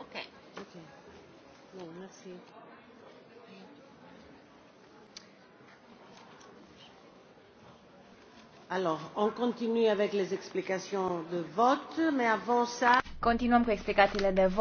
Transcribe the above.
Ok. Ok. Alors, on continue avec les explications de vote, mais avant ça... Continuăm cu explicațiile de vot.